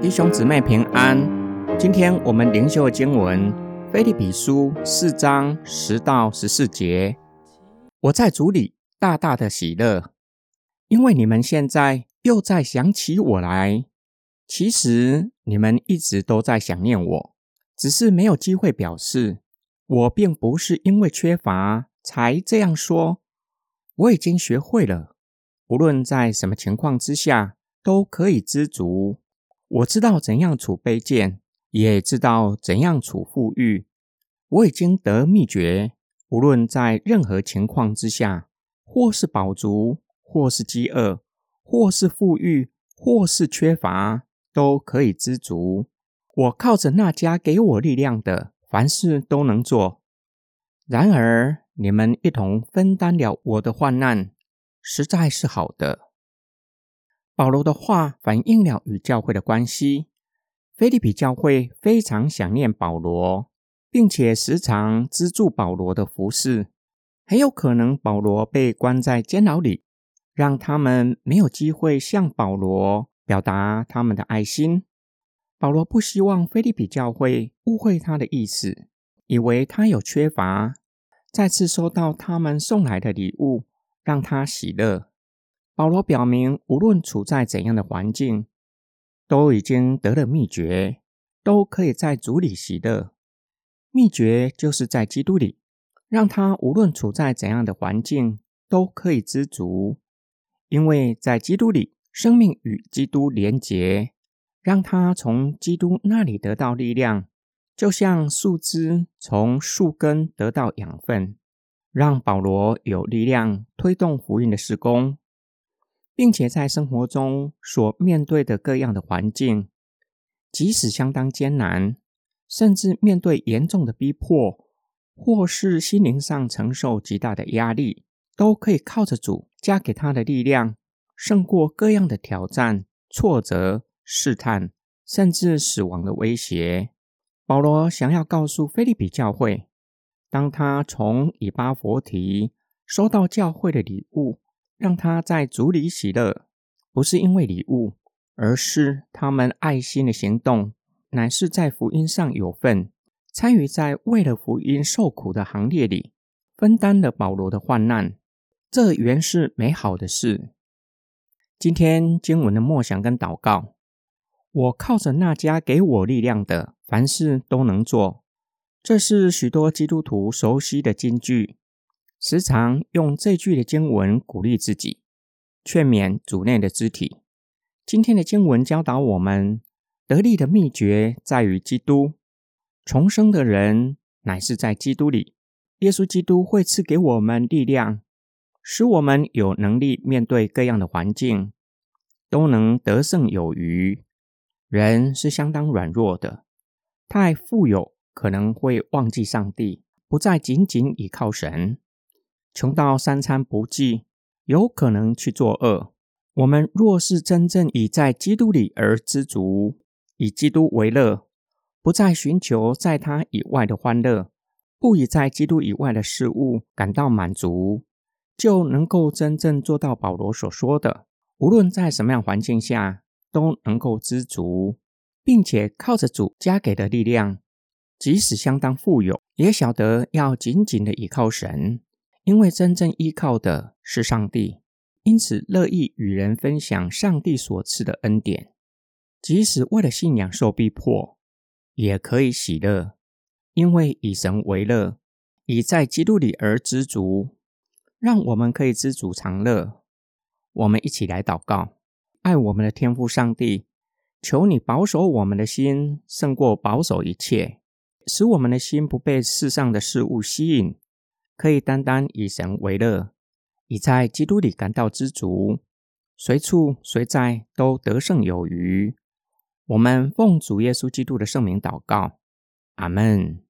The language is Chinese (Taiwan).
弟兄姊妹平安，今天我們靈修經文《菲利比書》四章十到十四節。我在主裡大大的喜樂，因為你們現在又在想起我來。其實你們一直都在想念我，只是沒有機會表示。我並不是因為缺乏才這樣說。我已經學會了，無論在什麼情況之下，都可以知足。我知道怎樣處卑賤，也知道怎樣處富裕。我已經得祕訣，無論在任何情況之下，或是飽足，或是飢餓，或是富裕，或是缺乏，都可以知足。我靠着那加給我力量的，凡事都能做。然而，你們一同分擔了我的患難，實在是好的。保羅的話反映了與教會的關係。腓利比教會非常想念保羅，並且時常資助保羅的服侍。很有可能保羅被關在監牢裡，讓他們沒有機會向保羅表達他們的愛心。保羅不希望腓利比教會誤會他的意思，以為他有缺乏。再次收到他們送來的禮物，讓他喜樂。保羅表明，無論處在怎樣的環境，都已經得了祕訣，都可以在主裡喜樂。祕訣就是在基督裡，讓他無論處在怎樣的環境，都可以知足，因為在基督裡，生命與基督連結，讓他從基督那裡得到力量。就像樹枝從樹根得到養分，讓保羅有力量推動福音的事工，並且在生活中所面對的各樣的環境，即使相當艱難，甚至面對嚴重的逼迫，或是心靈上承受極大的壓力，都可以靠着主加給他的力量，勝過各樣的挑戰、挫折、試探，甚至死亡的威脅。保羅想要告訴腓立比教會，當他從以巴弗提收到教會的禮物，讓他在主裡喜樂，不是因為禮物，而是他們愛心的行動，乃是在福音上有份，參與在為了福音受苦的行列裡，分擔了保羅的患難。這原是美好的事。今天經文的默想跟禱告，我靠着那加給我力量的。凡事都能做，這是許多基督徒熟悉的金句，時常用這句的經文鼓勵自己，勸勉主內的肢體。今天的經文教導我們，得力的秘訣在於基督。重生的人乃是在基督裡，耶穌基督會賜給我們力量，使我們有能力面對各樣的環境，都能得勝有餘。人是相當軟弱的。太富有，可能會忘記上帝，不再緊緊倚靠神；窮到三餐不繼，有可能去作惡。我們若是真正以在基督裡而知足，以基督為樂，不再尋求在他以外的歡樂，不以在基督以外的事物感到滿足，就能夠真正做到保羅所說的：無論在什麼樣環境下，都能夠知足。並且靠着主加給的力量，即使相當富有，也曉得要緊緊的依靠神，因為真正依靠的是上帝。因此，樂意與人分享上帝所賜的恩典。即使為了信仰受逼迫，也可以喜樂，因為以神為樂，以在基督裡而知足，讓我們可以知足常樂。我們一起來禱告，愛我們的天父上帝。求你保守我們的心，勝過保守一切，使我們的心不被世上的事物吸引，可以單單以神為樂，以在基督裡感到知足，隨處隨在都得勝有餘。我們奉主耶穌基督的聖名禱告，阿門。